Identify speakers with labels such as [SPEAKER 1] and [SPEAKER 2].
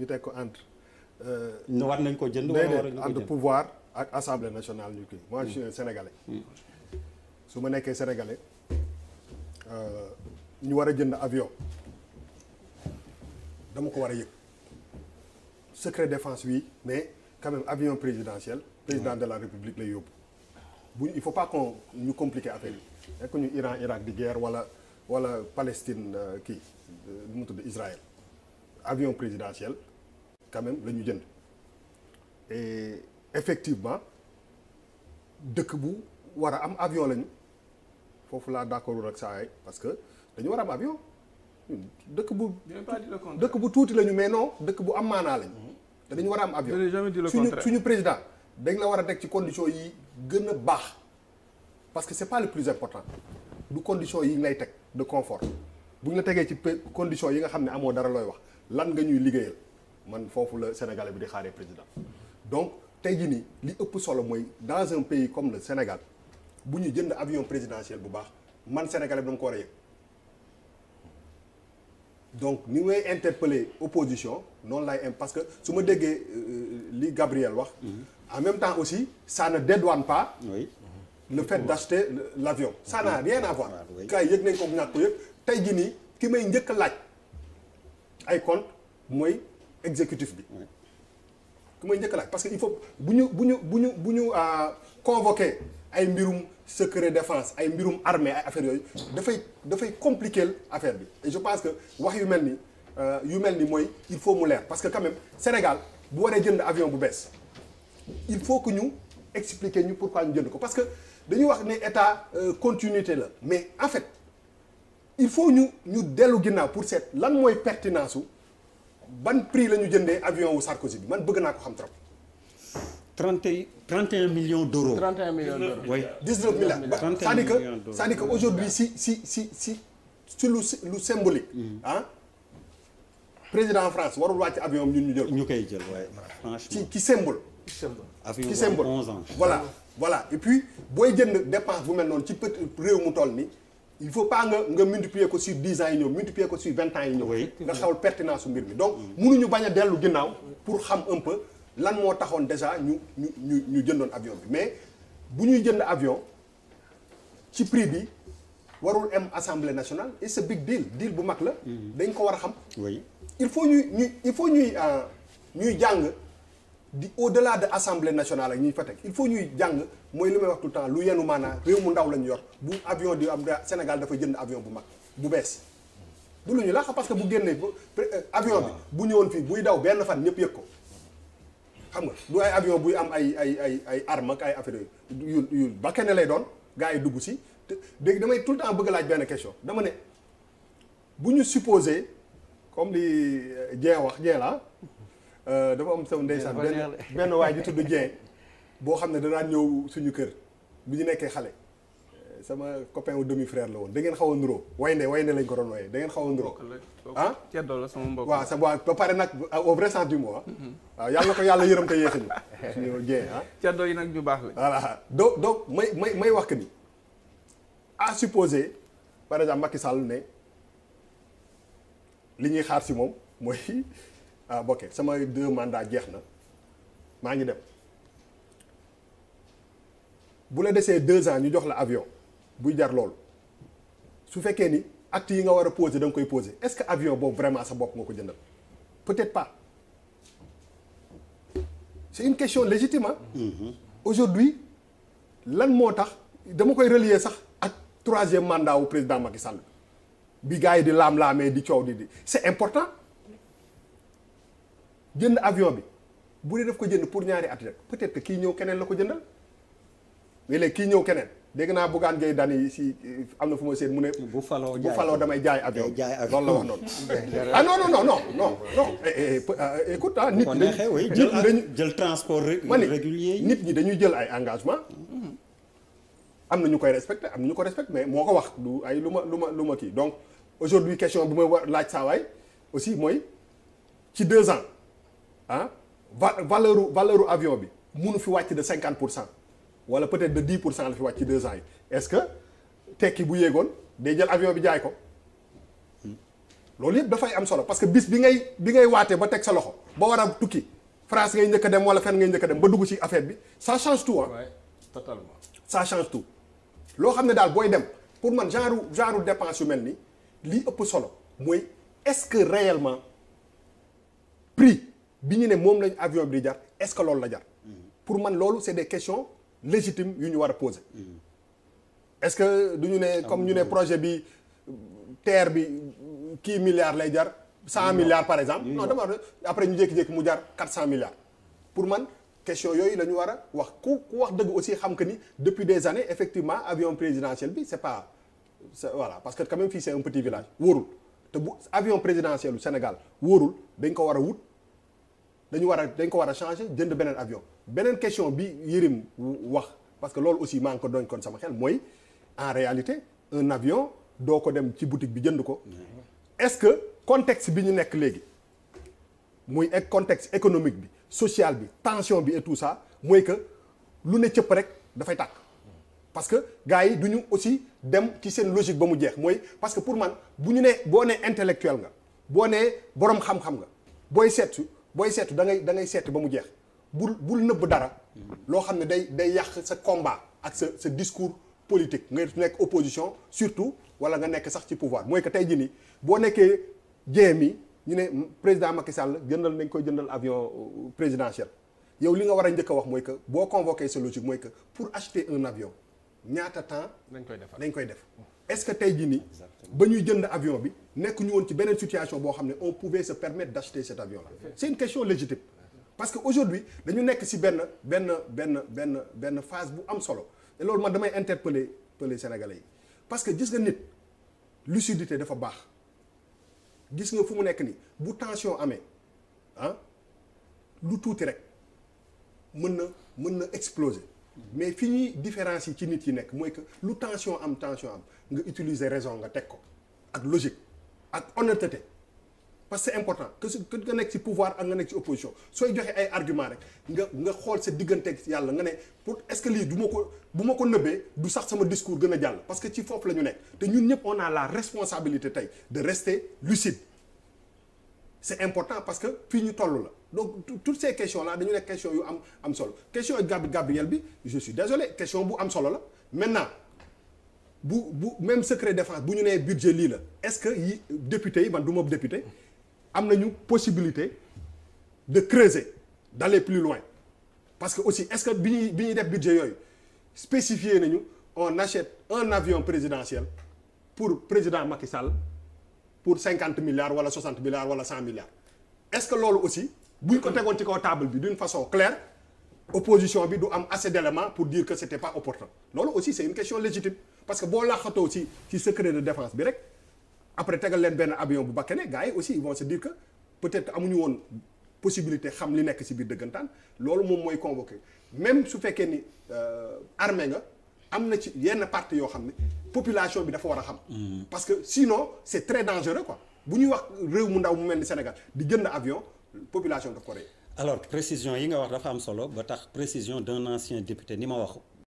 [SPEAKER 1] ñu teg ko entre. ñu euh, war nañ ko jënd wala war nañ ko jënd entre pouvoir ak assemblée nationale ñu kii. moi je suis un mm. ma nekkee sénégalais euh, ñu war a jënd avion dama ko war a yëg secret défense oui mais quand même avion présidentiel président de la république lay yóbbu bu il faut pas qu'on ñu compliquer affaire yi nekk Iran Irak di guerre wala wala Palestine euh, kii nu mu tudd Israël avion présidentiel quand même la ñu jënd effectivement dëkk bu war a am avion lañu foofu laa d'accord ak saa parce que dañu war a am avion dëkk bu. dëkk bu tuuti lañu mais non dëkk bu am maanaa lañu. Mhm. te dañu war a am avion. suñu suñu président dañ la war a teg ci conditions yi gën a baax parce que c'est pas le plus important du conditions yi lay teg de confort bu ñu tegee ci conditions yi nga xam ne amoo dara looy wax lan nga ñuy liggéeyal. man foofu la Sénégalais bi di xaaree président donc tey jii nii li ëpp solo mooy dans un pays comme le Sénégal bu ñu jënd avion présidentiel bu baax man Sénégalais bi dama ko war a yëg donc ni ngay interpeller opposition noonu lay am parce que su ma déggee euh, euh, li Gabriel wax. Mhm. en même temps aussi ça ne dédouane pas. Oui. le fait d'acheter l'avion. ça n'a rien à voir. kay ah, yëg nañ ko ñàkk ko yëg tey jii nii ki may njëkk laaj ay compte mooy exécutif bi ku may njëkk laaj parce que il faut bu ñu bu ñu bu ñu bu ñu euh, convoqué ay mbirum secret défense ay mbirum armée ay affaires yooyu dafay dafay compliquer l'affaire bi je pense que wax yu mel ni euh, yu mel ni mooy il faut mu leer parce que quand Sénégal bu waree jënd avion bu bees il faut que ñu expliquer ñu pourquoi ñu jënd ko parce que dañuy wax ne état euh, continuité la mais en fait il faut ñu ñu dellu ginnaaw pour set lan mooy pertinence su ban prix la ñu jëndee avion wu Sarkozy bi man bëgg naa ko xam trop. 31 31 millions d' euros. 31 millions d' euros oui. 19 milliards ba c'est-à-dire que c'est-à-dire que aujourd'hui si si si si si lu lu symbolique. ah président France warul wàcc avion ñun ñu jël. ñu koy jël waaye franchement ci ci symbole. avion symbole 11 ans. voilà voilà et puis booy jënd dépense bu mel noonu ci petit réew mu toll nii. il faut pas nga nga multiplier ko sur dix ans yi ñëw multiplier ko sur vingt ans yi ñëw nga xawal pertinence su mbir mi donc mënuñu bañ a dellu ginnaaw pour xam un peu lan moo taxoon déjà ñu ñu ñu ñu jëndoon avion bi mais bu ñuy jënd avion ci prix bi warul am assemblée nationale et c'est big deal deal bu mag la mm-hmm. dañ ko war a xam il faut ñuy ñuy il faut ñuy euh, ñuy jàng di au-delà de assemblée nationale ak ñi fa teg il faut ñuy jàng mooy li may wax tout le temps lu yenu maanaa réew mu ndaw lañu yor bu avion di am Sénégal dafay jënd avion bu mag bu bees du lu ñu laax parce que bu génnee euh, avion bi bu ñëwoon fii buy daw benn fan ñëpp yëg ko xam nga du ay avion buy am ay ay ay ay arme affaire yu yu bakkee ne lay doon gars yi dugg si te léegi damay tout le temps bëgg laaj benn question dama ne bu ñu supposé comme li euh, Dieng wax Dieng Euh, dafa am sew ndeysaan benn benn waay ji tudd Dieng boo xam ne danaa ñëw suñu kër bu ñu nekkee xale euh, sama copain wu demi frère la woon da ngeen xaw a nuroo waynde waynde lañ ko doon wooyee da ngeen xaw a nuroo ah ceddo la sama mbokk waaw sa waaw ba pare nag au vrai sens du mot ah. mhm. waaw yàlla ko yàlla yërëm te yéexañu suñu Dieng ah yi nag ñu baax la voilà donc donc may may may wax que ni à supposer par exemple Macky Sall ne li ñuy xaar si moom mooy ah ok samay deux mandats jeex na maa ngi dem bu la desee deux ans ñu jox la avion buy jar loolu su fekkee ni acte yi nga war a poser da nga koy poser est-ce que avion boobu vraiment sa bopp nga ko jëndal peut-être pas c'est une question légitime mmh. aujourd'hui lan moo tax dama koy relier sax ak troisième mandat wu président Macky Sall bi gars yi di laam-laamee di coow di di c'est important jënd avion bi bu dee daf ko jënd pour ñaari at rek peut-être que kii ñëw keneen la ko jëndal mais léegi kii ñëw keneen dégg naa Bougane Gueye Dany si euh, am na fu ma seet mu ne. bu faloo jaay faloo damay jaay avion bi loolu la wax noonu. ah non non non non non non. Eh, eh, eh, écoute ah nit ñi dañuy jël jël transport régulier yi nit ñi dañuy jël ay engagement mm-hmm. am na ñu koy respecté am na ñu ko respecté mais moo ko wax lu ay lu ma lu ma lu ma kii donc aujourd'hui question bi ma war laaj saa waay aussi mooy ci deux ans. ah va valeur valeur avion bi munu fi wàcc de cinquante pour cent wala peut-être de dix pour cent la fi wàcc ci deux ans yi est-ce que tekki bu yéegoon day jël avion bi jaay ko loolu yëpp dafay am solo parce que bis bi ngay bi ngay waatee ba teg sa loxo ba war a tukki France ngay njëkk dem wala fenn ngay njëkk a dem ba dugg ci affaire bi sa change tout ah. Ouais, totalement ça loo xam ne daal booy dem pour man genre genre dépense yu mel ni lii ëpp solo mooy est-ce que réellement prix. bi ñu ne moom lañ avion bi di jar est-ce que loolu la jar pour man loolu c'est des questions légitimes yu ñu war a poser est-ce que du ñu ne comme ñu ne projet bi terre bi kii milliards lay jar cent milliards par exemple non dama après ñu jékki-jékki mu jar quatre cent milliards pour man question yooyu la ñu war a wax ku ku wax dëgg aussi xam que ni depuis des années effectivement avion présidentiel bi c'est pas parce que quand même fii c'est un petit village te bu avion présidentiel du Sénégal wóorul dañ ko war a wut dañu war a dañ ko war a changer jënd beneen avion beneen question bi Yérim wax parce que loolu aussi maa ngi ko doon kon sama xel mooy en réalité un avion doo ko dem ci boutique bi jënd ko est-ce que contexte bi ñu nekk léegi muy ek contexte économique bi sociale bi tension bi et tout ça mooy que lu ne cëpp rek dafay tàkk parce que gars yi ñu aussi dem ci seen logique ba mu jeex mooy parce que pour man bu ñu nee boo nee intellectuel nga boo nee boroom xam-xam nga booy seetu booy seetu da ngay da ngay seeti ba mu jeex bul bul nëbb dara loo xam ne day day yàq sa combat ak sa sa discours politique nga nekk opposition surtout wala nga nekk sax ci pouvoir mooy que tey jii nii boo nekkee jéemi ñu ne président Macky Sall jëndal nañ koy jëndal avion euh, présidentiel yow li nga war a njëkk a wax mooy que boo convoqué sa logique mooy que pour acheter un avion ñaata temps. nañ koy def nañ koy def. est-ce que tey jii ni ba ñuy jënd avion bi nekk ñu woon ci beneen situation boo xam ne on pouvait sa permettre d'acheter cet avion là c'est question légitime parce que aujourd'hui dañu nekk ci benn benn benn benn benn phase bu am solo te loolu man damay interpeller peler sénégalais yi parce que gis nga nit lu lucidité dafa baax gis nga fu mu nekk nii bu tension amee ah lu tuuti rek mën na mën na exploser mais fi ñuy différence yi ci nit yi nekk mooy que lu tension am tension am nga utiliser raison nga teg ko ak logique ak honnêteté parce que c'est important que su que nga nekk ci pouvoir ak nga nekk ci opposition sooy joxe ay argument rek nga nga xool sa diggante digganteeg yàlla nga ne pour est du ma ko bu ma ko nëbbee du sax sama discours gën a jàll parce que ci foofu la ñu nekk te ñun ñëpp on a la responsabilité tey de rester lucide c'est important parce que fii ñu toll la donc toutes ces questions là dañu nekk question yu am am solo question Gab Gabriel bi je suis désolé question bu am solo la maintenant bu bu même secret défense bu ñu nee budget lii la est-ce que yi député yi man du ma député am na ñu possibilité de creuser d'aller plus loin parce que aussi est-ce que bi ñuy bi ñuy def budget yooyu spécifier nañu on achète un avion présidentiel pour président Macky pour cinquante milliards wala soixante milliards wala cent milliards est-ce que loolu aussi buñ ko tegoon ci kaw table bi d'une façon claire opposition bi du am assez d'éléments pour dire que c'était pas opportun loolu aussi c'est une question légitime parce que boo laqatoo ci ci secret de défense bi rek après tegal leen benn avion bu bakkane gars yi aussi ils vont se dire que peut-être amuñu woon possibilité xam li nekk si biir dëggantaan loolu moom mooy convoqué même su fekkee ni euh, armée nga am na ci yenn parti yoo xam ne population bi dafa war a xam. Mm. parce que sinon c'est très dangereux quoi bu ñuy wax réew mu ndaw mu mel ni Sénégal di jënd avion population daf ko rey. alors précision yi nga wax dafa am solo ba tax précision d'un ancien député ni ma wax